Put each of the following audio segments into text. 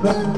Thank you.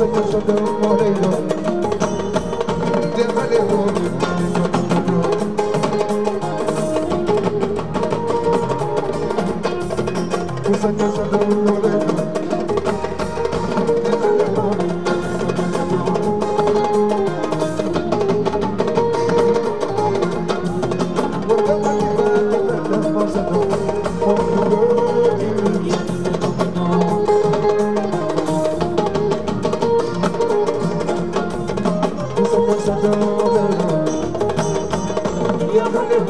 sama sodo moo lay doon te xale woon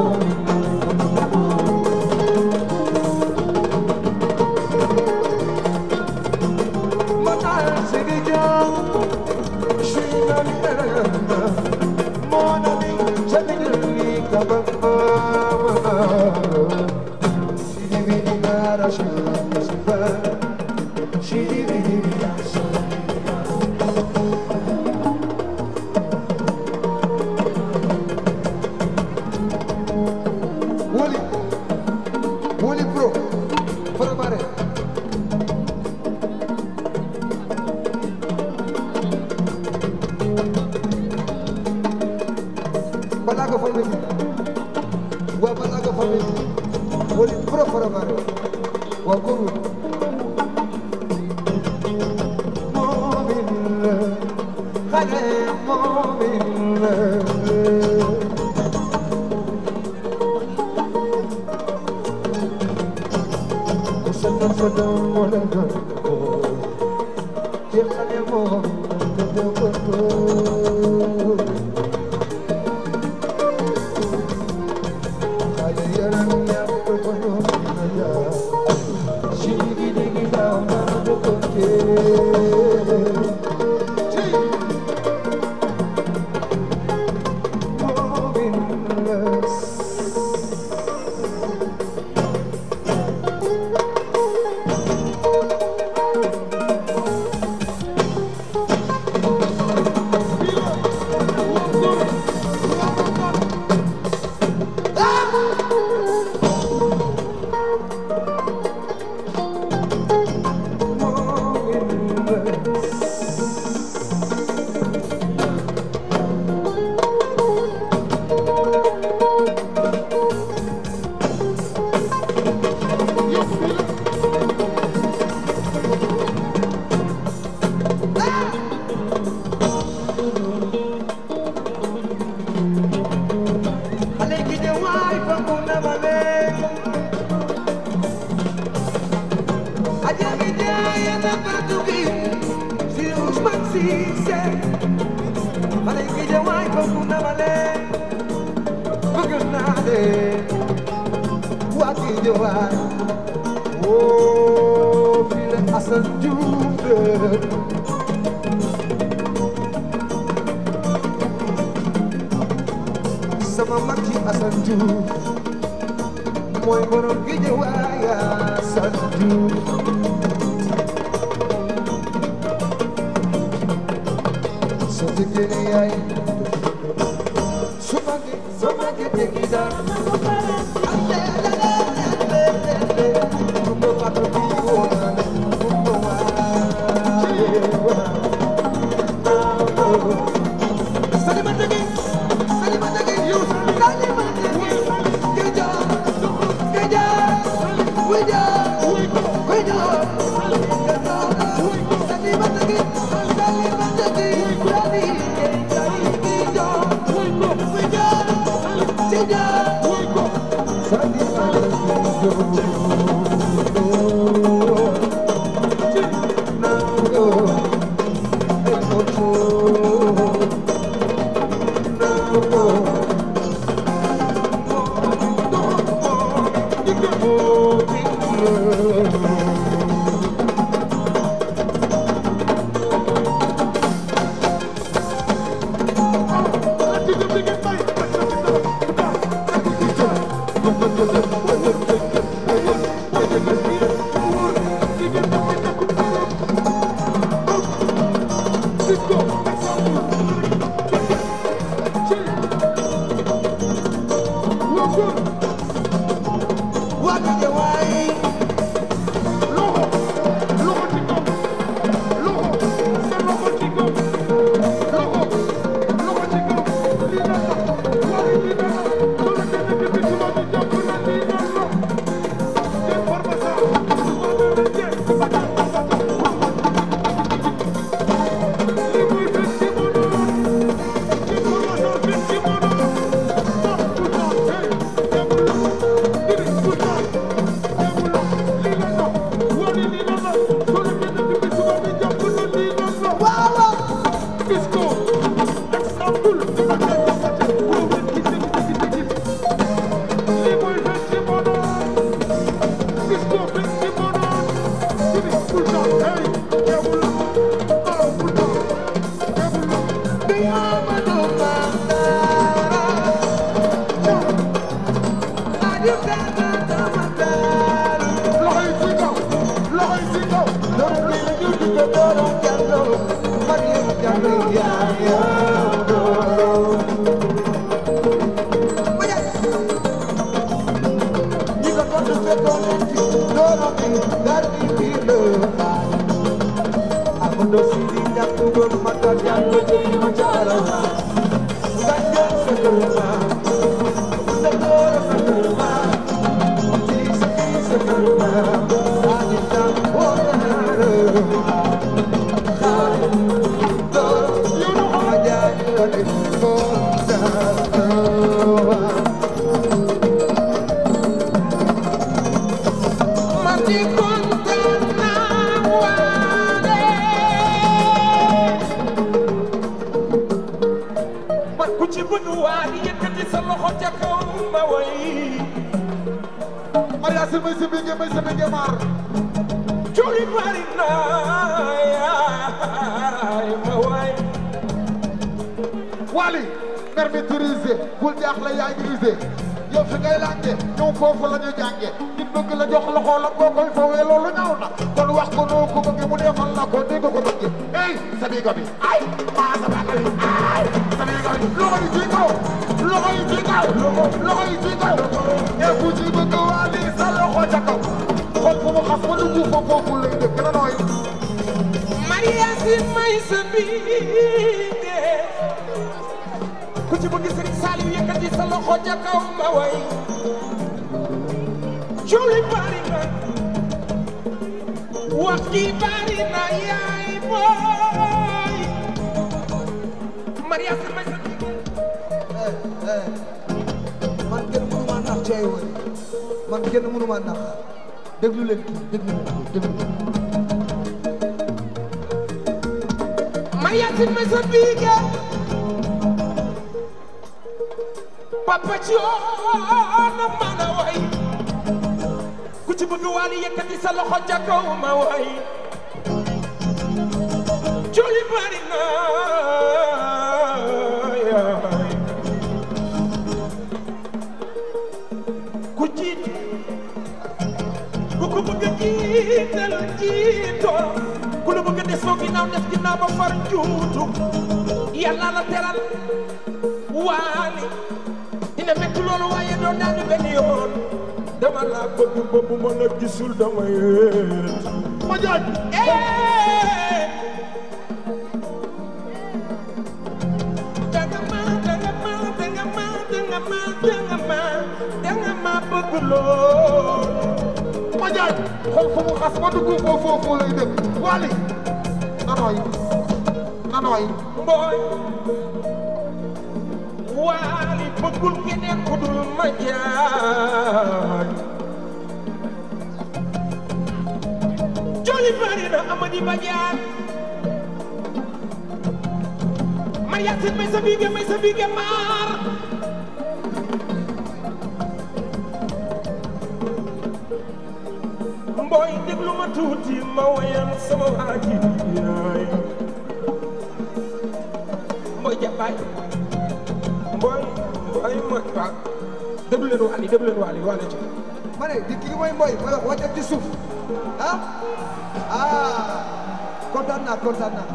Thank you. وقرب Guédiawaye woo oh, fi la Assane Diouf dëkk sama mag yi Assane Diouf mooy borom Guédiawaye Assane Diouf soo déggee yaay soo màggee soo màggee dégg daal Thank you. Touba si bige may sa bige mar curi bari na yaay ma waay wali permis de riser bul jaaxle yaa ngi riser yow fi ngay lànge ñoom foofu la ñu jànge nit bëgg la jox la xoolam koy foowee loolu ñaaw na kon wax ko noo ko mu defal la ko dégg ko bëgge ey Sadiga bi ay maa sa bàkk bi loxo yi ci loxo yi ci kaw ci e bëgg waa li sa loxo ca kaw xool fu mu xas ma dugg fa foofu lay def gën a nooy Maria Sin may sa bi ku ci bëgg sëriñ Saliou yëkkati sa loxo ca kaw ma way juli bari na wax gi bari na yaay booy Maria sama sa jigéen eh, eh. man kenn mënu maa nax ci ay woy man kenn mënu maa nax déglu leen kii déglu leen déglu leen Maria sama sa jigéen papa ci oona mana way ku ci bëgg waali yëkkati sa loxo ca kaw ma way joli bari na ku jiit ku ko bëgg a jiital jiitoo ku la bëgg a des soo far juutu yàlla la teral waali loolu waaye doo daanu benn yoon dama la bëgg bëgg ma la gisul dama yéet ma jooj danga ma danga ma danga ma danga ma danga ma danga ma bëgg lool ma jooj xool fu mu xas ma dugg foofu foofu lay def wali nanooy nanooy mbooy waali bëggul keneen ku dul ma jaay joli bari na amadi ba jaar Mariasin may sa bige may sa bige maar mbooy déglu ma tuuti ma woyan sama waa ji yaay mbooy jabaay ko ay mooy waaw déglu leen waal yi déglu leen waal yi waale ci ma ne di kii mooy mooy ci suuf ah ah kontaan naa kontaan naa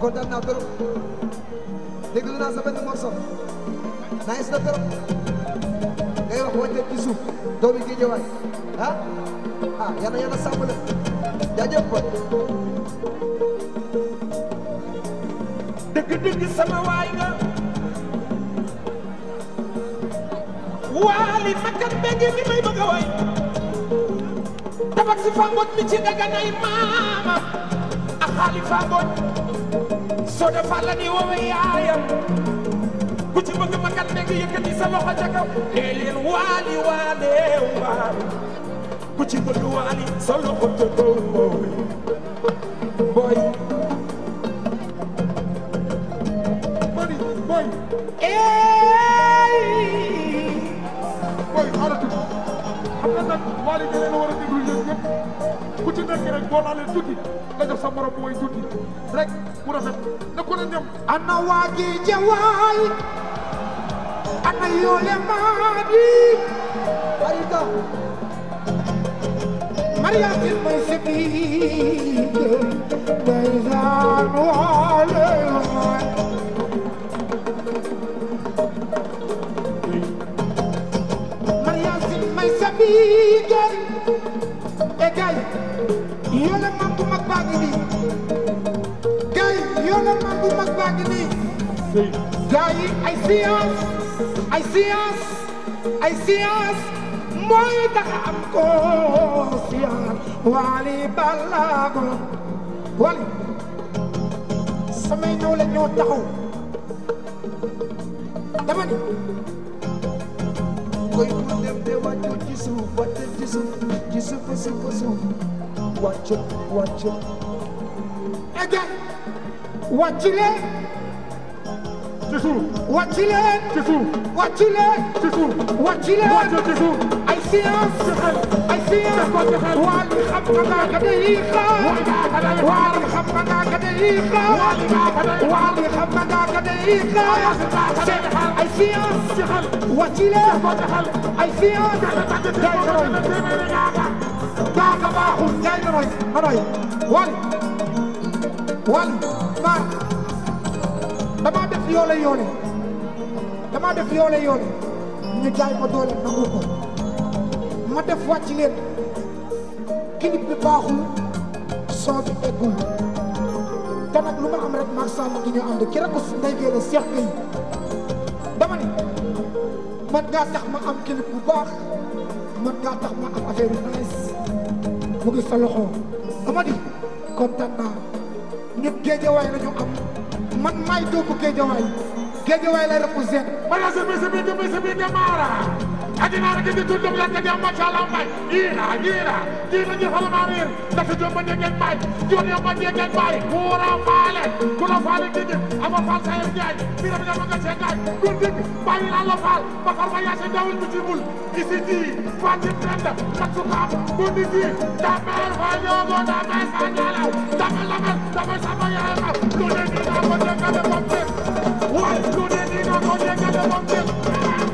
kontaan naa trop déglu naa sa benn morceau nice na wax ci suuf doomi gi ñëwaay ah ah yana yana sàmm la jaajëf ba dëgg dëgg sama waay nga waali makat bégg ngi may bëgg a way tabak mi ci daganay maama a xaali fangooj soo defar ni woowe yaayam ku ci bëgg makat bégg yëkkati sa loxo ca kaw waali waalee waali ku ci bëgg waali sa loxo ca Waly da leen a war a déglu ku ci nekk rek boo naalee tuuti nga jox sa morom mooy tuuti rek mu rafet na ko ne dem. ana waa gi jawaay ana yoole maa di ay da Mariam il may sebi day daan waale bu mag baa ngi nii gars yi yoonal man bu mag baa ngi nii gars yi ay science ay science ay science mooy tax am ko science Wally Ballago Wally samay ñëw la ñoo taxaw dama ni koy bu dem de wàccu ci suuf wàccu ci suuf ci suuf suuf suuf wàcc wàcc aja wàcc leen ci suuf wàcc leen ci suuf wàcc leen ci suuf wàcc leen ci suuf ay science ay science waa li xam nga naa ka da yi xaar waa li xam nga naa ka da yi xaar waa li xam nga naa ka da yi xaar ay science wàcc leen ay science baax a baaxul yaay ma wal wal maar damaa def yoole yoole damaa def yoole yoole ñu jaay ma doole nangu ko ma def wàcc leen clip bi baaxul son bi eggul te ma am rek maag gi ñu ànd ki ndey géele Seex Gey dama ni man ngaa tax ma am clip bu baax man ngaa tax ma am affaire yu nice mu ngi sa loxo amadi kontaan naa ñun géejawaay la ñu am man maay doomu géejawaay géejawaay lay représente. wala sa bés bi sa bés bi damaara. adinara ke ditu dum lan kadi amma chala mai ira ira dina ni halama mir da to jom bande gen mai jom yo bande gen mai kura male kula fale dide amma fal sa yam jaay mira mira maga se gaay gun dide bayi la la fal ba fal ba ya se dawul bu ci bul isi di fati prenda taksu kam gun dide da mer fa yo go da mer fa jala da mer la mer da mer sa ba ya ma lu ne dina ko de ga de pompe wa lu ne dina ko de ga de pompe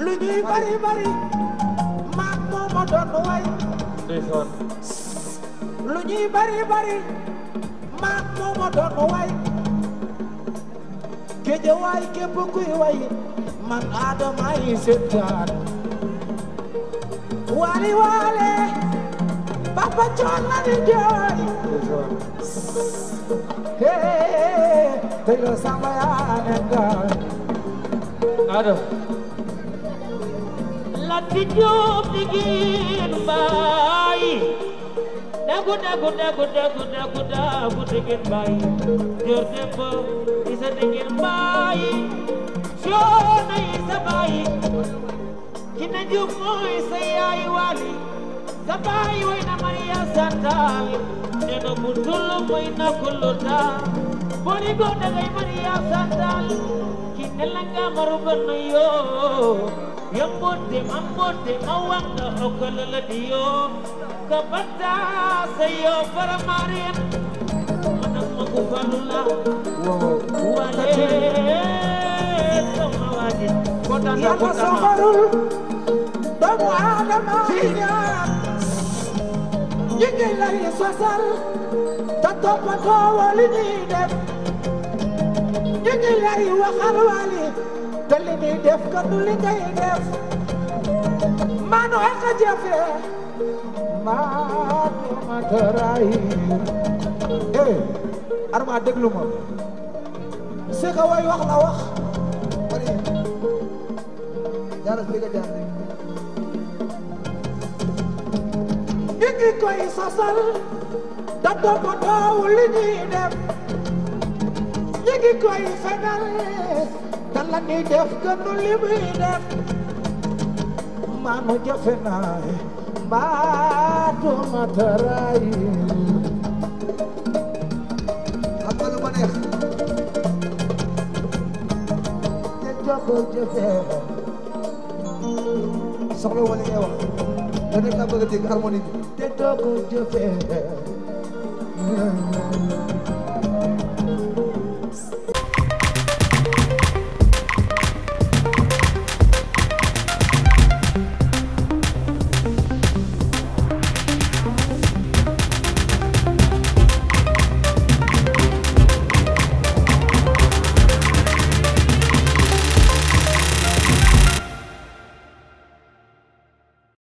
lu ñuy bari bari maak moom a doon way lu ñuy bari bari maak moom a doon way géeje waay képp kuy way man Adama yi seetaan waali waale Papa Thione la ñuy jooy hee tey loo yaa ne ado la ti joob di giin baay dagu dagu dagu dagu dagu dagu digin baay joor dembo isa digin baay soo na isa baay ki jub mooy sa yaay wali sa baay way na Maria Santal nee na bu dul mooy na kulluta boni go dagay Maria Santal ki nelanga marubanu yo yambote mambote mawanga okolala diyo kabata sayo para Marian manam magufalula wale sama wajib kota kota sama doomu Aadama ñi ngi lay sosal te toppatoo woo li def ñi ngi lay waxal wali te li ñuy def ka du li ngay def maanu ak a jafe maanu ma tëraayi eh arma déglu ma si way wax la wax wari jaara si ka jaar ngi koy sasal da topp taawul li ñuy def ñi ngi koy fenal te la ñuy def gënu li muy def maanu jafe naa mbaatu mataraay xam nga lu ma neex te jogo jafe soxla wala ngay wax da nekk laa bëgg a dégg harmonie doog a jëfee